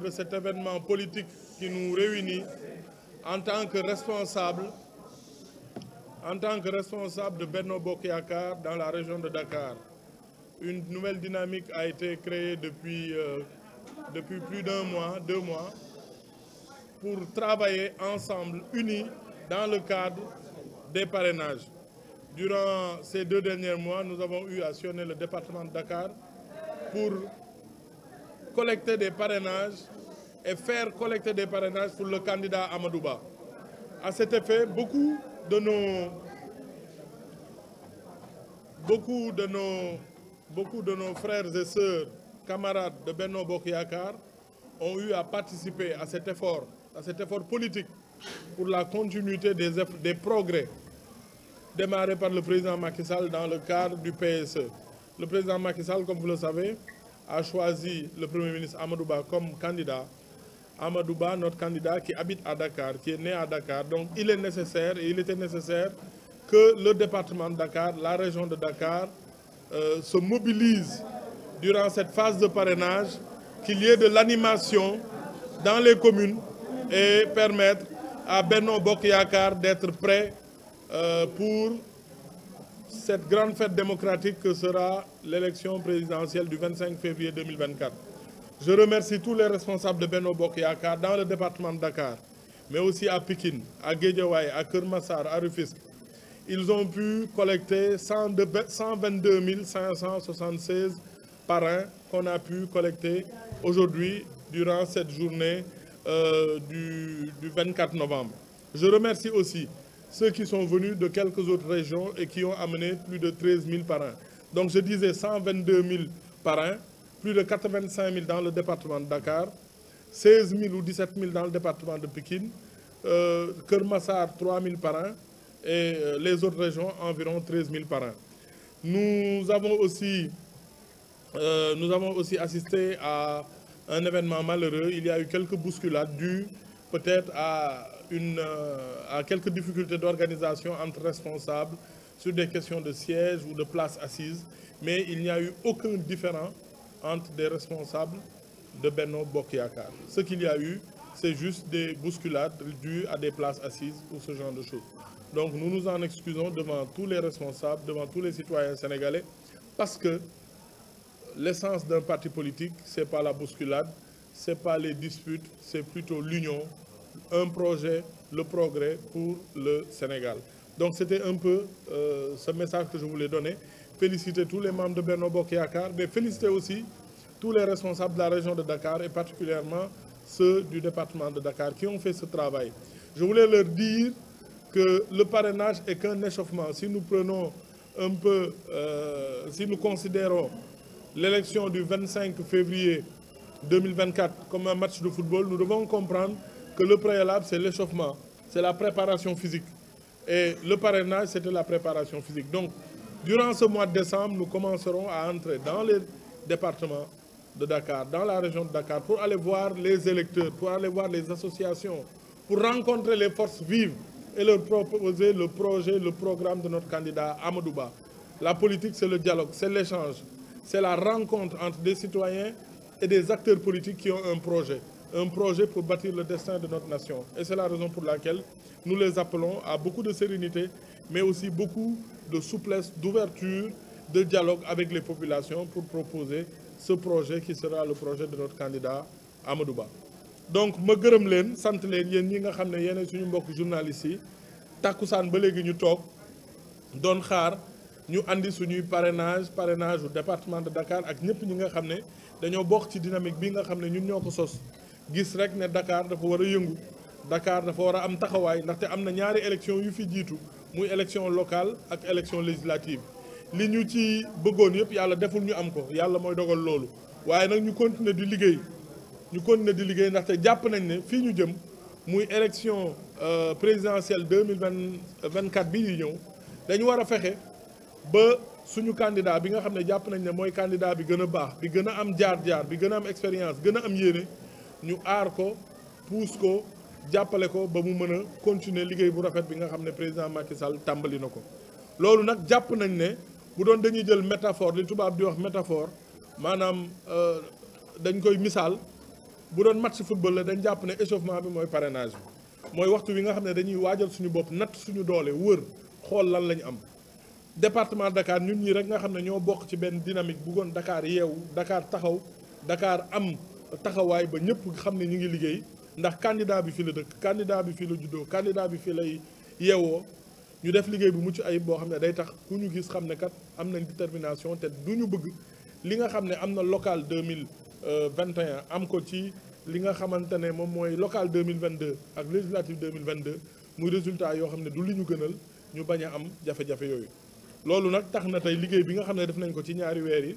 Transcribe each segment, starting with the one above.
de cet événement politique qui nous réunit en tant que responsable, en tant que responsable de Benno Bokyakar dans la région de Dakar, une nouvelle dynamique a été créée depuis, euh, depuis plus d'un mois, deux mois, pour travailler ensemble, unis, dans le cadre des parrainages. Durant ces deux derniers mois, nous avons eu à sionner le département de Dakar pour collecter des parrainages et faire collecter des parrainages pour le candidat Amadouba. À cet effet, beaucoup de nos, beaucoup de nos, beaucoup de nos frères et sœurs, camarades de Benno Bokyakar, ont eu à participer à cet effort, à cet effort politique pour la continuité des, des progrès démarrés par le président Macky Sall dans le cadre du PSE. Le président Macky Sall, comme vous le savez, a choisi le Premier ministre Amadouba comme candidat. Amadouba, notre candidat qui habite à Dakar, qui est né à Dakar. Donc il est nécessaire et il était nécessaire que le département de Dakar, la région de Dakar, euh, se mobilise durant cette phase de parrainage, qu'il y ait de l'animation dans les communes et permettre à Benno Bokyakar d'être prêt euh, pour cette grande fête démocratique que sera l'élection présidentielle du 25 février 2024. Je remercie tous les responsables de Beno Akar dans le département de Dakar, mais aussi à Pékin, à Guédiawaye, à Kermassar, à Rufisque. Ils ont pu collecter 122 576 parrains qu'on a pu collecter aujourd'hui durant cette journée euh, du, du 24 novembre. Je remercie aussi ceux qui sont venus de quelques autres régions et qui ont amené plus de 13 000 parrains. Donc je disais 122 000 parrains, plus de 85 000 dans le département de Dakar, 16 000 ou 17 000 dans le département de Pékin, euh, Kermassar 3 000 parrains et euh, les autres régions environ 13 000 parrains. Nous avons aussi, euh, nous avons aussi assisté à un événement malheureux. Il y a eu quelques bousculades dues peut-être euh, à, quelques difficultés d'organisation entre responsables sur des questions de sièges ou de places assises, mais il n'y a eu aucun différent entre des responsables de Benno Bokyakar. Ce qu'il y a eu, c'est juste des bousculades dues à des places assises ou ce genre de choses. Donc nous nous en excusons devant tous les responsables, devant tous les citoyens sénégalais, parce que l'essence d'un parti politique, ce n'est pas la bousculade, ce n'est pas les disputes, c'est plutôt l'union un projet, le progrès pour le Sénégal. Donc c'était un peu euh, ce message que je voulais donner. Féliciter tous les membres de et Bokéakar, mais féliciter aussi tous les responsables de la région de Dakar et particulièrement ceux du département de Dakar qui ont fait ce travail. Je voulais leur dire que le parrainage est qu'un échauffement. Si nous prenons un peu, euh, si nous considérons l'élection du 25 février 2024 comme un match de football, nous devons comprendre que le préalable, c'est l'échauffement, c'est la préparation physique. Et le parrainage, c'était la préparation physique. Donc, durant ce mois de décembre, nous commencerons à entrer dans les départements de Dakar, dans la région de Dakar, pour aller voir les électeurs, pour aller voir les associations, pour rencontrer les forces vives et leur proposer le projet, le programme de notre candidat Amadouba. La politique, c'est le dialogue, c'est l'échange, c'est la rencontre entre des citoyens et des acteurs politiques qui ont un projet un projet pour bâtir le destin de notre nation. Et c'est la raison pour laquelle nous les appelons à beaucoup de sérénité, mais aussi beaucoup de souplesse, d'ouverture, de dialogue avec les populations pour proposer ce projet qui sera le projet de notre candidat à donc je vous remercie, je vous remercie nga parrainage au département de Dakar nga dynamique gis rek ne Dakar dafa wara a yëngu Dakar dafa wara am taxawaay ndax am amna ñaari élection yu fi jitu muy élection locale ak élection législative li ñu ci bëggoon yëpp yalla deful ñu am ko yalla moy dogal loolu waye nak ñu continuer di liggéey ñu continuer di liggéey ndaxte japp nañ ne fi ñu jëm muy élection euh, présidentielle 2024 bi ñu ñëw dañu wara fexé ba suñu candidat bi nga xamné japp nañ ne moy candidat bi gëna baax bi gëna am jaar-jaar bi gëna am expérience gëna am yéene. ñu aar ko puus ko jàppale ko ba mu mën a continuer liggéey bu rafet bi nga xam ne président Macky Sall tàmbali na ko loolu nag jàpp nañ ne bu doon dañuy jël métaphore li tubaab di wax métaphore maanaam euh, dañ koy misaal bu doon match football la dañ jàpp ne échauffement bi mooy parrainage bi mooy waxtu wi nga xam ne dañuy waajal suñu bopp natt suñu doole wër xool lan lañu am département Dakar ñun ñi rek nga xam ne ñoo bokk ci benn dynamique buggoon Dakar yeewu Dakar taxaw Dakar am taxawaay ba ñëpp xam ne ñu ngi liggéey ndax candidat bi fii la dëkk candidat bi fii la juddoo candidat bi fii lay yeewoo ñu def liggéey bu mucc ayib boo xam ne day tax ku ñu gis xam ne kat am nañ détermination te du ñu bëgg li nga xam ne am na local 2021 am ko ci li nga xamante ne moom mooy mille local 2022 ak législative 2022 muy résultat yoo xam ne du li ñu gënal ñu bañ a am jafe-jafe yooyu loolu nag tax na tey liggéey bi nga xam ne def nañ ko ci ñaari weer yi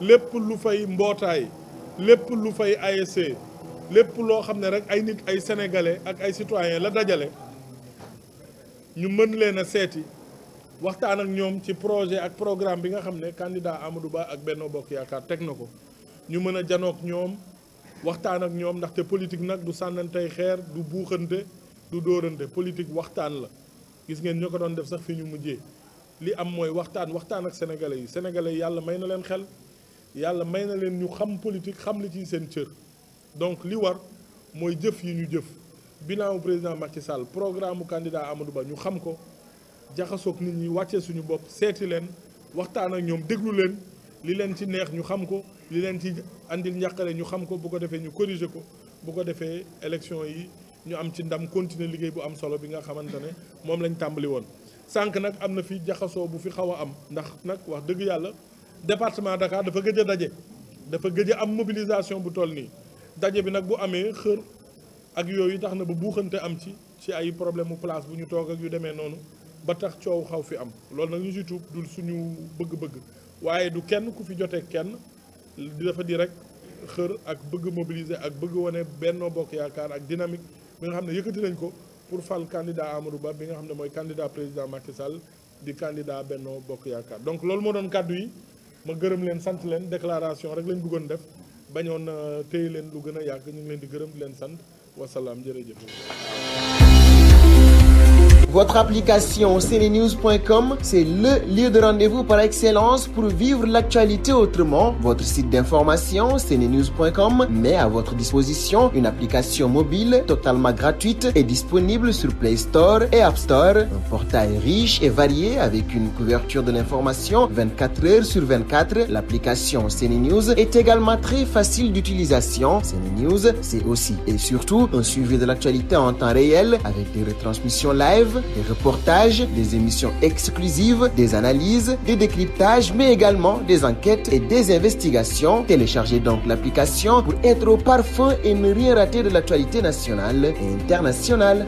lépp lu fay mbootaay lépp lu fay ASC lépp loo xam ne rek ay nit ay sénégalais ak ay citoyens la dajale ñu mën leen a seeti waxtaan ak ñoom ci projet ak programme bi nga xam ne candidat du Ba ak benn Bokk Yaakaar teg na ko ñu mën a janook ñoom waxtaan ak ñoom ndaxte politique nag du sànnantey xeer du buuxante du dóorante politique waxtaan la gis ngeen ñoo ko doon def sax fi ñu mujjee li am mooy waxtaan waxtaan ak sénégalais yi sénégalais yàlla may na leen xel yàlla may na leen ñu xam politique xam li ci seen cër donc li war mooy jëf yi ñu jëf bilan wu président Macky Sall programme mu kandidaa Amadou Ba ñu xam ko jaxasoog nit ñi wàcce suñu bopp seeti leen waxtaan ak ñoom déglu leen li leen ci neex ñu xam ko li leen ci andil njàqare ñu xam ko bu ko defee ñu corriger ko bu ko defee élection yi ñu am ci ndam continuer liggéey bu am solo bi nga xamante ne moom lañ tàmbali woon sànq nag am na fi jaxasoo bu fi xaw a am ndax nag wax dëgg yàlla département de Dakar dafa gëj dajé dafa gëj am mobilisation bu toll nii daje bi nak bu amé xër ak yooyu taxna bu ba buuxante am ci ci ay problème place bu ñu toog ak yu démé nonu ba tax ciow xaw fi am lool nak ñu si tuub dul suñu bëgg-bëgg waaye du kenn ku fi joté kenn di dafa di rek xër ak bëgg mobiliser ak bëgg woné Benno Bokk Yaakaar ak dynamique bi nga xamné yëkëti yëkkati nañ ko pour fal candidat Amadou Ba bi nga xamné moy candidat président Macky Sall di candidat Benno Bokk Yaakaar donc lool mo doon kaddu yi ma gërëm leen sant leen déclaration rek lañ bëggoon def bañoon téye leen lu gën a yàgg ñu ngi leen di gërëm di leen sant wasalaam jërëjëf Votre application cnews.com, c'est le lieu de rendez-vous par excellence pour vivre l'actualité autrement. Votre site d'information cnews.com met à votre disposition une application mobile totalement gratuite et disponible sur Play Store et App Store. Un portail riche et varié avec une couverture de l'information 24 heures sur 24. L'application CNews est également très facile d'utilisation. CNews, c'est aussi et surtout un suivi de l'actualité en temps réel avec des retransmissions live des reportages, des émissions exclusives, des analyses, des décryptages, mais également des enquêtes et des investigations. Téléchargez donc l'application pour être au parfum et ne rien rater de l'actualité nationale et internationale.